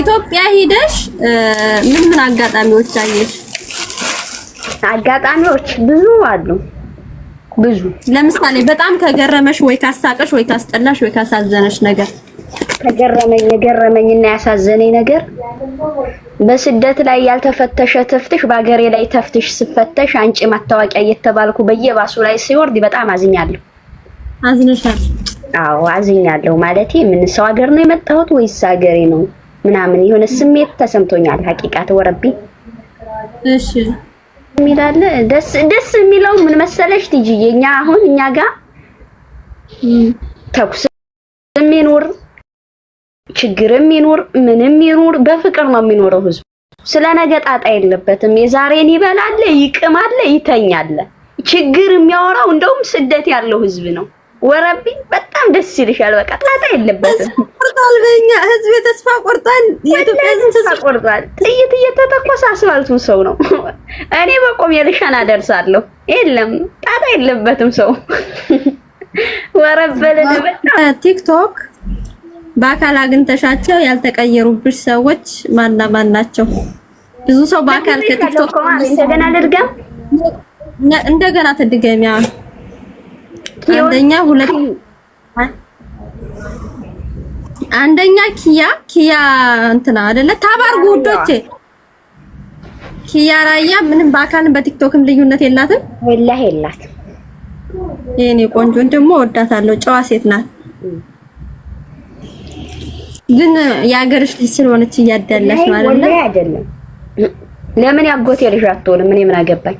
ኢትዮጵያ ሂደሽ ምን ምን አጋጣሚዎች አየሽ? አጋጣሚዎች ብዙ አሉ። ብዙ ለምሳሌ በጣም ከገረመሽ ወይ ካሳቀሽ ወይ ካስጠላሽ ወይ ካሳዘነሽ ነገር ከገረመኝ የገረመኝ እና ያሳዘነኝ ነገር በስደት ላይ ያልተፈተሸ ተፍትሽ በአገሬ ላይ ተፍትሽ ስፈተሽ አንጪ ማታወቂያ እየተባልኩ በየባሱ ላይ ሲወርድ በጣም አዝኛለሁ። አዝነሻል? አዎ አዝኛለሁ። ማለቴ ምን ሰው ሀገር ነው የመጣሁት ወይስ ሀገሬ ነው ምናምን የሆነ ስሜት ተሰምቶኛል። ሀቂቃ ተወረቢ እሺ ሚላለ ደስ ደስ የሚለው ምን መሰለሽ ትጂዬ፣ የኛ አሁን እኛ ጋር ተኩስ የሚኖር ችግር የሚኖር ምንም ይኖር በፍቅር ነው የሚኖረው ህዝቡ። ስለ ነገ ጣጣ የለበትም። የዛሬን ይበላል፣ ይቅማል፣ ይተኛል። ችግር የሚያወራው እንደውም ስደት ያለው ህዝብ ነው። ወረቢ በጣም ደስ ይልሻል። በቃ ጣጣ የለበትም። ህዝብ የተስፋ ግን የኢትዮጵያ ህዝብ ቆርጧል። ጥይት እየተተኮሰ አስፋልቱ ሰው ነው። እኔ በቆሜ ልሻን አደርሳለሁ። የለም ጣጣ የለበትም ሰው ወረበለ። ቲክቶክ በአካል አግኝተሻቸው ያልተቀየሩብሽ ሰዎች ማና ማን ናቸው? ብዙ ሰው በአካል ከቲክቶክ እንደገና ልድገም እንደገና አንደኛ ሁለት አንደኛ ኪያ ኪያ እንትና አይደለ ታባር ጉዶቼ ኪያ ራያ ምንም በአካልን በቲክቶክም ልዩነት የላትም፣ ወላሂ የላትም። የኔ ቆንጆ ደግሞ ወዳታለሁ፣ ጨዋ ሴት ናት። ግን የሀገርሽ ልጅ ስለሆነች እያዳላሽ ማለት ነው አይደለም? ለምን ያጎቴ ልጅ አትሆንም? እኔ ምን አገባኝ?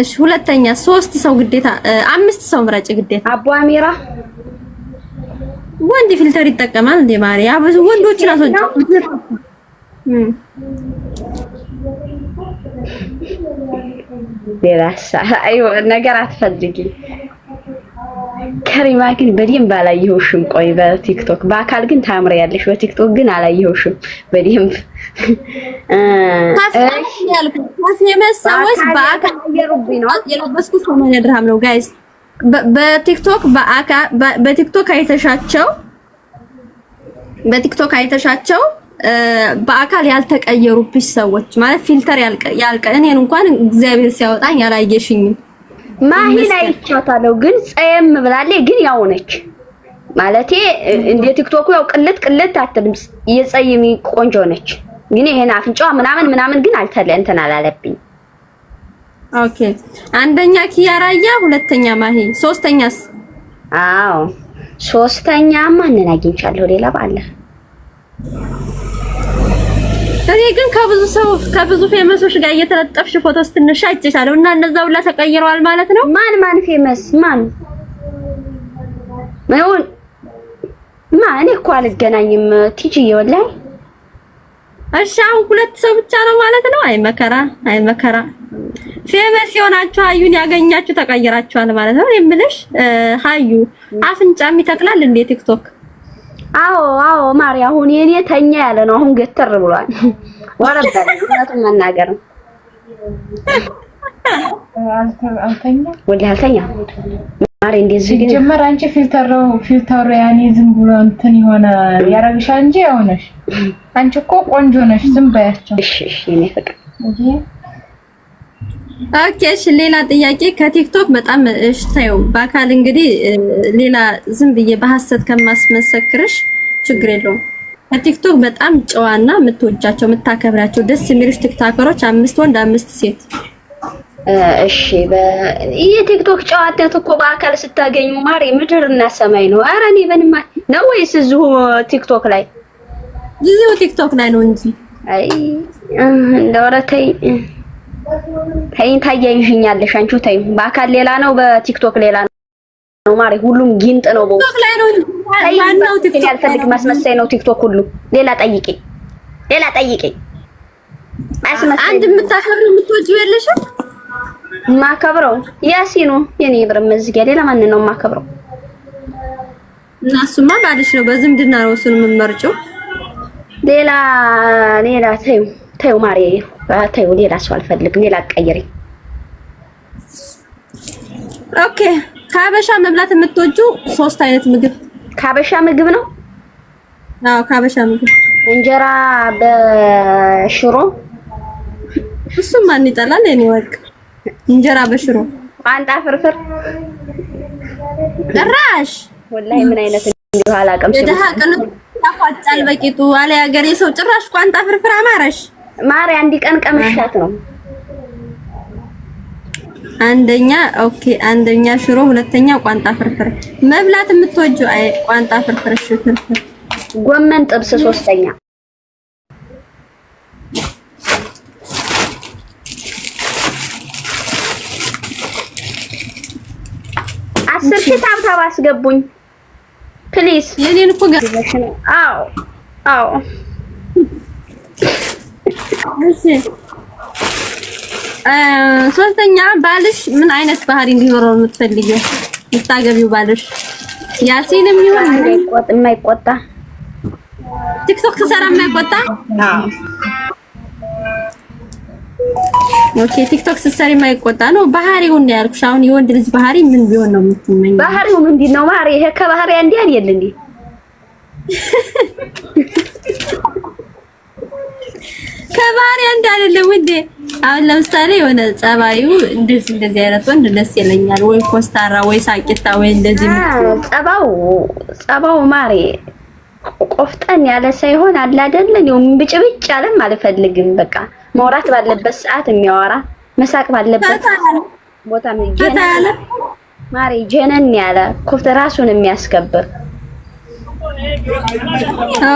እሺ ሁለተኛ ሶስት ሰው ግዴታ፣ አምስት ሰው ምረጭ ግዴታ አቦ አሚራ ወንድ ፊልተር ይጠቀማል እንዴ? ማሪያ ብዙ ወንዶች ራሱ ራሱን ሌላሳ አይ ነገር አትፈልጊ። ከሪማ ግን በደንብ አላየሁሽም። ቆይ በቲክቶክ በአካል ግን ታምር ያለሽ፣ በቲክቶክ ግን አላየሁሽም በደንብ ታፍታፍ ያልኩ ታፍ የመሰወስ በአካል የሩብኝ ነው የለበስኩት ሰማንያ ድርሃም ነው ጋይስ በቲክቶክ በአካ በቲክቶክ አይተሻቸው በቲክቶክ አይተሻቸው በአካል ያልተቀየሩብሽ ሰዎች ማለት ፊልተር ያልቀ ያልቀ እኔን እንኳን እግዚአብሔር ሲያወጣኝ ያላየሽኝም። ማሂን አይቻታለሁ ግን ጸየም ብላለች። ግን ያው ነች ማለቴ እንደ ቲክቶኩ ያው ቅልት ቅልት አትልም። የጸይሚ ቆንጆ ነች። ግን ይሄን አፍንጫዋ ምናምን ምናምን ግን አልተለ እንትን አላለብኝም ኦኬ አንደኛ ኪያራያ፣ ሁለተኛ ማሂ፣ ሶስተኛስ? አዎ ሶስተኛ ማንን አግኝቻለሁ? ሌላ ባለ እኔ ግን ከብዙ ሰው ከብዙ ፌመሶች ጋር እየተለጠፍሽ ፎቶ ስትነሻ አይቼሻለሁ። እና እነዛ ሁላ ተቀይረዋል ማለት ነው። ማን ማን ፌመስ ማን ማን ማን? እኮ አልገናኝም ቲጂ ይወላይ። እሺ አሁን ሁለት ሰው ብቻ ነው ማለት ነው። አይ መከራ፣ አይ መከራ ፌመስ የሆናችሁ ሀዩን ያገኛችሁ ተቀይራችኋል ማለት ነው። የምልሽ ሀዩ አፍንጫም ይተክላል እንዴ ቲክቶክ? አዎ አዎ፣ ማሪ አሁን የኔ ተኛ ያለ ነው። አሁን ገትር ብሏል። ወረበ እውነቱን መናገር ነው። ወላሂ አልተኛ ማሪ እንደዚህ ግን ጀመር። አንቺ ፊልተሩ ፊልተሩ ያኔ ዝም ብሎ እንትን የሆነ ያረግሻል እንጂ ያው ነሽ። አንቺ እኮ ቆንጆ ነሽ። ዝም በያቸው። እሺ እሺ፣ እኔ ፍቅር ኦኬ፣ እሺ። ሌላ ጥያቄ ከቲክቶክ በጣም እሺ፣ ተይው። በአካል እንግዲህ ሌላ ዝም ብዬ በሐሰት ከማስመሰክርሽ ችግር የለውም። ከቲክቶክ በጣም ጨዋና የምትወጃቸው የምታከብራቸው ደስ የሚሉሽ ቲክታከሮች አምስት ወንድ አምስት ሴት። እሺ ቲክቶክ ጨዋነት እኮ በአካል ስታገኙ ማሪ ምድርና ሰማይ ነው። ኧረ እኔ በንማ ነው ወይስ እዚሁ ቲክቶክ ላይ? እዚሁ ቲክቶክ ላይ ነው እንጂ አይ እንደው ተይኝ ታያይሽኛለሽ። አንቺው ተይኝ። በአካል ሌላ ነው፣ በቲክቶክ ሌላ ነው። ማሪ ሁሉም ጊንጥ ነው። በውስጥ ያልፈልግ ማስመሳይ ነው ቲክቶክ ሁሉ። ሌላ ጠይቂ፣ ሌላ ጠይቂ። አንድ የምታከብር የምትወጂው የለሽም? ማከብረው ያሲኑ የኔ ብር መዝጊያ። ሌላ ማንን ነው ማከብረው? እና እሱማ ባልሽ ነው። በዝምድና ነው እሱን የምመርጭው። ሌላ ሌላ ተይው ተዩ ማሪ ተዩ። ሌላ ሰው አልፈልግም። ሌላ አትቀይሪ። ኦኬ። ከሀበሻ መብላት የምትወጁ ሶስት አይነት ምግብ ከሀበሻ ምግብ ነው። አዎ ከሀበሻ ምግብ እንጀራ በሽሮ እሱም ማን ይጠላል? እኔ ወቅ እንጀራ በሽሮ ቋንጣ ፍርፍር ጭራሽ ወላሂ ምን አይነት እንደው አላውቅም። ደሃ ቀኑ ያፋጫል በቂጡ አለ ያገሬ ሰው ጭራሽ ቋንጣ ፍርፍር አማረሽ። ማሪ አንድ ቀን ቀምሻት ነው። አንደኛ ኦኬ፣ አንደኛ ሽሮ፣ ሁለተኛ ቋንጣ ፍርፍር። መብላት የምትወጁ አይ ቋንጣ ፍርፍር፣ እሺ ፍርፍር፣ ጎመን ጥብስ፣ ሶስተኛ አስር ሺህ ታብታብ አስገቡኝ ፕሊዝ። የኔን እኮ ጋር አዎ አዎ እሺ ሶስተኛ ባልሽ ምን አይነት ባህሪ እንዲኖረው የምትፈልጊው የምታገቢው ባልሽ? ያሲንም ይሁን የማይቆጣ ቲክቶክ ትሰራ የማይቆጣ ኦኬ ቲክቶክ ስትሰሪ የማይቆጣ ነው። ባህሪውን ነው ያልኩሽ። አሁን የወንድ ልጅ ባህሪ ምን ቢሆን ነው የምትመኝ? ባህሪው ምንድን ነው? ባህሪ ይሄ ከባህሪ አንድ ያል እንዴ ከባህሪ አንድ እንዴ? አሁን ለምሳሌ የሆነ ጸባዩ እንደዚህ እንደዚህ አይነት ወንድ ደስ ይለኛል፣ ወይ ኮስታራ፣ ወይ ሳቂታ፣ ወይ እንደዚህ ጸባው ጸባው ማሬ ቆፍጠን ያለ ሳይሆን አለ አይደል? ነው ብጭብጭ ያለም አልፈልግም። በቃ መውራት ባለበት ሰዓት የሚያወራ መሳቅ ባለበት ቦታ ማሬ ጀነን ያለ ኮፍተ ራሱን የሚያስከብር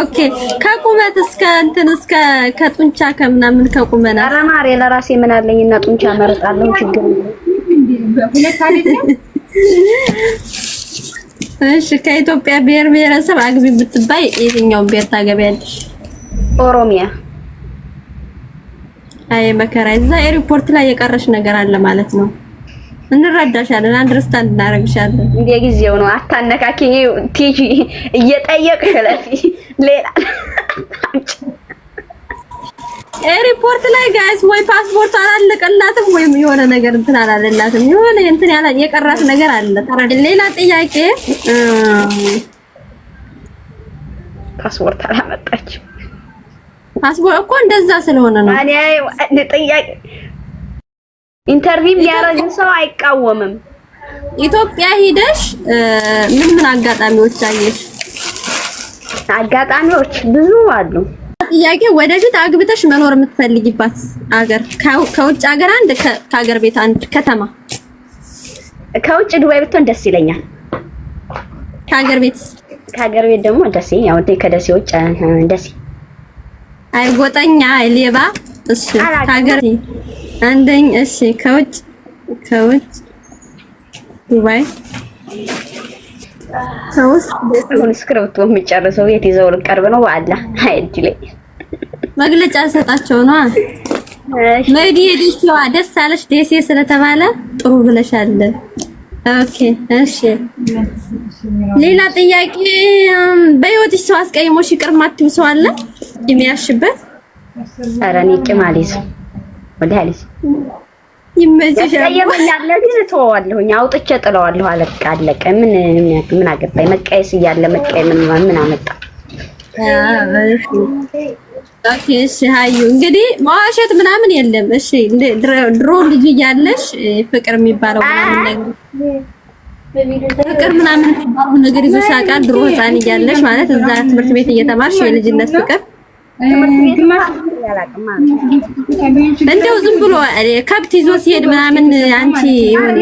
ኦኬ ከቁመት እስከ እንትን እስከ ከጡንቻ ከምናምን ከቁመና ኧረ ማሬ ለራሴ ምን አለኝ እና ጡንቻ መርጣለሁ። ችግር እሺ ከኢትዮጵያ ብሔር ብሔረሰብ አግቢ ብትባይ የትኛውን ብሔር ታገቢያለሽ? ኦሮሚያ። አይ መከራ እዛ ኤርፖርት ላይ የቀረሽ ነገር አለ ማለት ነው። እንረዳሻለን፣ አንደርስታንድ እናደርግሻለን። እንደ ጊዜው ነው። አታነካኪ ቲጂ እየጠየቅሽ ለፊ ሌላ ኤሪፖርት ላይ ጋይስ ወይ ፓስፖርት አላለቀላትም ወይም የሆነ ነገር እንትን አላለላትም። የሆነ እንትን ያላ የቀራት ነገር አለ። ተረድ ሌላ ጥያቄ ፓስፖርት አላመጣችም። ፓስፖርት እኮ እንደዛ ስለሆነ ነው። አንያይ ጥያቄ ኢንተርቪው ያረግን ሰው አይቃወምም። ኢትዮጵያ ሂደሽ ምን ምን አጋጣሚዎች አየሽ? አጋጣሚዎች ብዙ አሉ። ጥያቄ ወደፊት አግብተሽ መኖር የምትፈልጊባት አገር ከውጭ ሀገር አንድ፣ ከሀገር ቤት አንድ ከተማ። ከውጭ ዱባይ ብትሆን ደስ ይለኛል። ከሀገር ቤት ከሀገር ቤት ደግሞ ደሴ። ያው ከደሴ ውጭ ደሴ። አይ ጎጠኛ ሌባ እሱ ከሀገር አንደኝ እሺ፣ ከውጭ ከውጭ ዱባይ ሰውስ የሚጨርሰው የት ይዘው ልቀርብ ነው? ላይ መግለጫ ሰጣቸው ነው። መዲ ደስ አለሽ ደሴ ስለተባለ ጥሩ ብለሻል። ኦኬ እሺ። ሌላ ጥያቄ በህይወትሽ ሰው አስቀይሞሽ ይቅር ሰው አለ የሚያሽበት? ኧረ እኔ ቂም አልይዝም ወላሂ አለች። ይመቸሻል አውጥቼ ጥለዋለሁ። አለቀ አለቀ። ምን ምን አገባኝ? መቀየስ እያለ ምን አመጣ? እሺ ሀዩ እንግዲህ መዋሸት ምናምን የለም። እሺ ድሮ ልጅ እያለሽ ፍቅር የሚባለው ምናምን ነገር ፍቅር ምናምን የሚባለው ነገር ይዞሽ ድሮ ህፃን እያለሽ ማለት እዛ ትምህርት ቤት እየተማርሽ የልጅነት ፍቅር እንደው ዝም ብሎ ከብት ይዞ ሲሄድ ምናምን አንቺ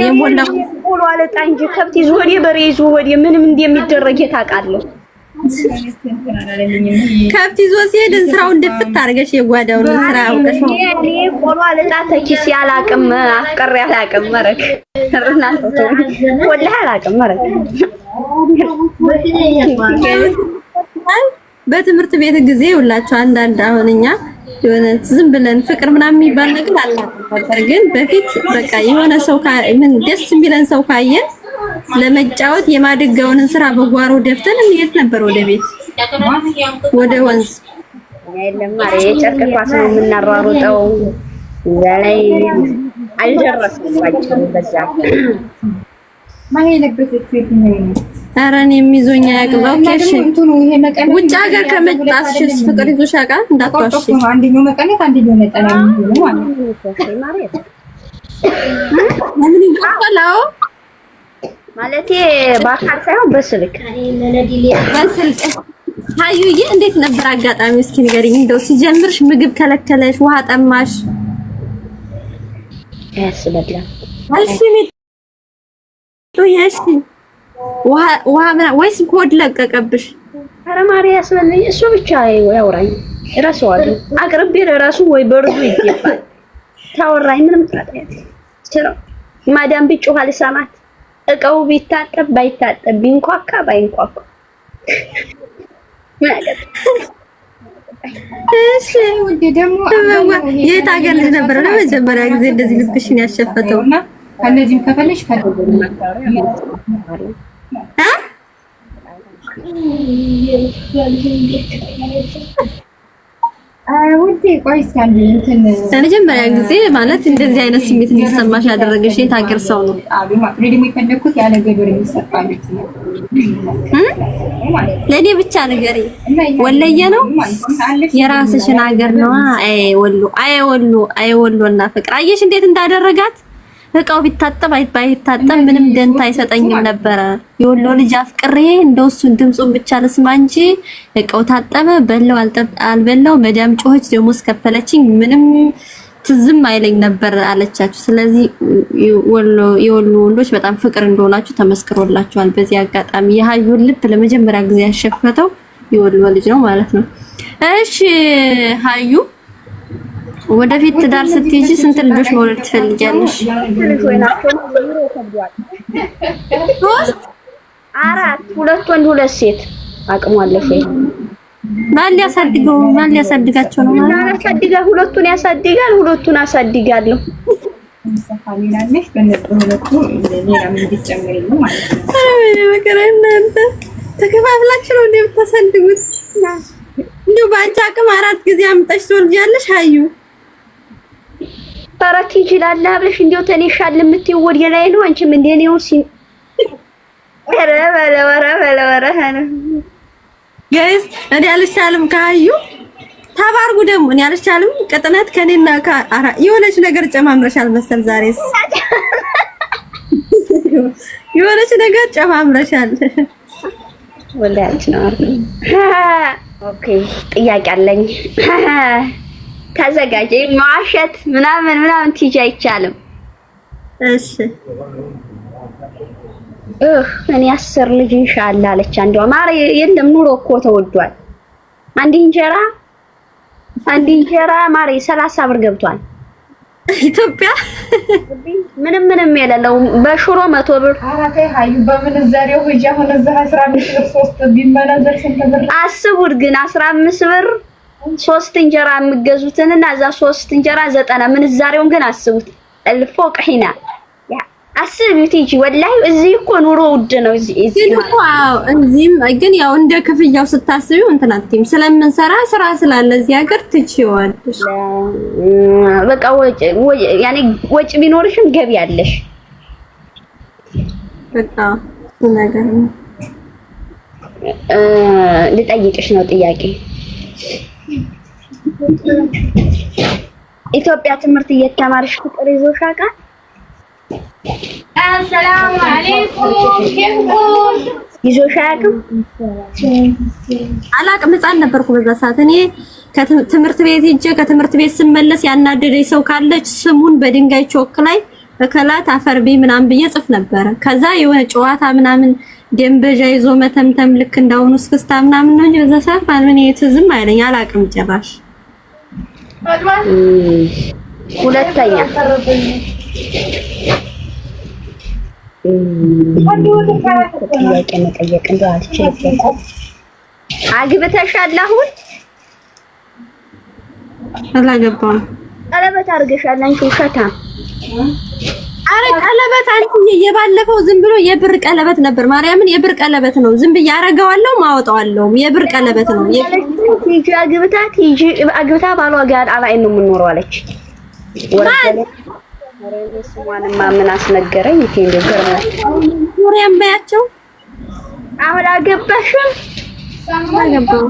የሞላው ቆሎ አለቃ እንጂ ከብት ይዞ ወዴ በሬ ይዞ ወደ ምንም እንደሚደረግ የታውቃለሁ። ከብት ይዞ ሲሄድ እንስራው እንደፍት አድርገሽ የጓዳውን እንስራ አውቀሽ እኔ ቆሎ አለቃ ተኪስ ያላቅም አፍቀር ያላቅም መረክ እናንተ ወላሂ አላቅም መረክ በትምህርት ቤት ጊዜ ሁላችሁ አንዳንድ አሁን እኛ የሆነ ዝም ብለን ፍቅር ምናምን የሚባል ነገር አለ ነበር። ግን በፊት በቃ የሆነ ሰው ምን ደስ የሚለን ሰው ካየን ለመጫወት የማድጋውን ስራ በጓሮ ደፍተን እንሄድ ነበር ወደ ቤት ወደ ወንዝ ለማሪ የጨርቅ ኳስ ነው የምናሯሩጠው። እዛ ላይ አልደረስንባቸውም በዛ ኧረ እኔ የሚዞኝ አያውቅም። ውጭ ሀገር ከመጣሽ ፍቅር ይዞሽ ያውቃል? እንዳትዋሽ። ማለቴ በአካል ሳይሆን በስልክ በስልክ። ታዩዬ እንዴት ነበር አጋጣሚ? እስኪ ንገሪኝ። እንደው ሲጀምርሽ ምግብ ከለከለሽ፣ ውሃ ጠማሽ? የእሺ ውሃ ወይስ ሆድ ለቀቀብሽ? ኧረ ማርያ እሱ ብቻ ያውራኝ እረሳዋለሁ። አቅርቤ ለራሱ ወይ በርዱ ይገባል። ታወራኝ ምንም ታጣያት ይችላል። ማዳም ቢጮህ አልሰማት፣ እቀው ቢታጠብ ባይታጠብ፣ ቢንኳካ ባይንኳካ እሺ ውዴ፣ ደግሞ የት ሀገር ልጅ ነበረ ለመጀመሪያ ጊዜ እንደዚህ ልብሽን ያሸፈተው? ከነዚህም ከፈለሽ ውዴ ቆይ እስኪ እንትን ለመጀመሪያ ጊዜ ማለት እንደዚህ አይነት ስሜት እንዲሰማሽ ያደረገሽ የት ሀገር ሰው ነው? ደግሞ የፈለኩት ያለ ገበር የሚሰጣል ለእኔ ብቻ ነገር ወለየ ነው። የራስሽን ሀገር ነዋ። አይ ወሎ፣ አይ ወሎ፣ አይ ወሎ እና ፍቅር አየሽ እንዴት እንዳደረጋት እቃው ቢታጠብ ባይታጠብ ምንም ደንታ አይሰጠኝም ነበረ። የወሎ ልጅ አፍቅሬ እንደሱን ድምፁን ብቻ ልስማ እንጂ እቃው ታጠበ በለው አልበለው መዳም ጮኸች፣ ደሞዝ ከፈለችኝ ምንም ትዝም አይለኝ ነበር አለቻችሁ። ስለዚህ የወሎ ወንዶች በጣም ፍቅር እንደሆናችሁ ተመስክሮላችኋል። በዚህ አጋጣሚ የሀዩን ልብ ለመጀመሪያ ጊዜ ያሸፈተው የወሎ ልጅ ነው ማለት ነው። እሺ ሀዩ ወደፊት ትዳር ስትይጂ ስንት ልጆች መውለድ ትፈልጊያለሽ? ሶስት፣ አራት፣ ሁለት ወንድ፣ ሁለት ሴት። አቅሟለሽ አለሽ? ማን ሊያሳድገው ማን ሊያሳድጋቸው ነው ማን ነው? ሁለቱን ያሳድጋል፣ ሁለቱን አሳድጋለሁ። ተከፋፍላችሁ ነው እንደምታሳድጉት? እንዲሁ በአንቺ አቅም አራት ጊዜ አምጣሽ ትወልጃለሽ አዩ ኧረ ይችላል ብለሽ እንዲያው ተኔሻል የምትይው ወዲያ ላይ ነው። አንቺም እንደ እኔው ሲ ኧረ በለ ኧረ በለ ኧረ ጋይስ እኔ አልቻልም። ካዩ ተባርጉ ደግሞ እኔ አልቻልም። ቅጥነት ከኔና ከአራ የሆነች ነገር ጨማምረሻል መሰል ዛሬስ የሆነች ነገር ጨማምረሻል። ወላሂ አንቺ ነው አይደል? ኦኬ ጥያቄ አለኝ ተዘጋጀ ማሸት ምናምን ምናምን ትይጂ አይቻልም። እሺ እህ እኔ አስር ልጅ ኢንሻአላ አለች አንዷ። ማሪ የለም ኑሮ እኮ ተወዷል። አንድ እንጀራ አንድ እንጀራ ማሪ ሰላሳ ብር ገብቷል ኢትዮጵያ። ምንም ምንም የሌለው በሽሮ መቶ ብር አስቡት ግን አስራ አምስት ብር ሶስት እንጀራ የሚገዙትንና እዛ ሶስት እንጀራ ዘጠና ምንዛሬውን ግን አስቡት። እልፎ ቀሂና አስቢት እንጂ ወላሂ እዚህ እኮ ኑሮ ውድ ነው። እዚህ እዚህ እኮ አዎ፣ እዚህም ግን ያው እንደ ክፍያው ስታስቢው እንትን አትይም። ስለምንሰራ ስራ ስላለ እዚህ ሀገር ትችይዋለሽ። በቃ ወጪ ያኔ ወጪ ቢኖርሽም ገቢ አለሽ። በቃ ነገር ልጠይቅሽ ነው ጥያቄ ኢትዮጵያ ትምህርት እየተማርሽ ፍቅር ይዞሽ አውቃል? አሰላሙ አለይኩም ይዞሽ አያውቅም? አላውቅም። ሕፃን ነበርኩ በዛ ሰዓት እኔ ከትምህርት ቤት ሂጄ ከትምህርት ቤት ስመለስ ያናደደኝ ሰው ካለች ስሙን በድንጋይ ቾክ ላይ በከላት አፈርቢ ምናምን ብዬ ጽፍ ነበረ። ከዛ የሆነ ጨዋታ ምናምን ደንበዣ ይዞ መተምተም ልክ እንዳሁኑ እስክስታ ምናምን ነው እንጂ በዛ ሰዓት ማንም እኔ ትዝም አይለኝ አላውቅም ጭራሽ። ሁለተኛ ጥያቄ መጠየቅ እንደ አልችልም። አግብተሻል? አሁን አላገባም። ቀለበት አድርገሻል አንቺ ውሸታም አረ ቀለበት አንቺ የባለፈው ዝም ብሎ የብር ቀለበት ነበር። ማርያምን የብር ቀለበት ነው። ዝም ብዬ አረገዋለሁ አለው የብር ቀለበት ነው። ቲጂ አግብታ ቲጂ አግብታ ባሏ ጋር አላይ ነው የምኖረው አለች። ምን አስነገረኝ። ይሄ በያቸው። አሁን አገባሽም አገባው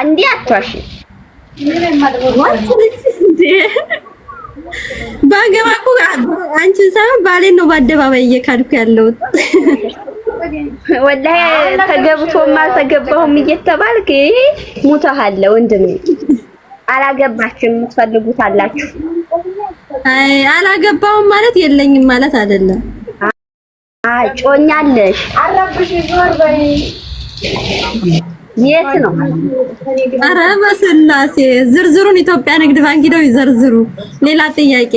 አንዴ ባገባ እኮ አንቺን ሳይሆን ባሌን ነው በአደባባይ እየካድኩ ያለሁት። ወላሂ ተገብቶም አልተገባሁም እየተባልክ ሙተሃል ወንድሜ። አላገባችም የምትፈልጉት አላችሁ። አይ አላገባሁም ማለት የለኝም ማለት አይደለም። አይ ጮኛለሽ። የት ነው? አረ በስላሴ ዝርዝሩን ኢትዮጵያ ንግድ ባንክ ሄደው ይዘርዝሩ። ሌላ ጥያቄ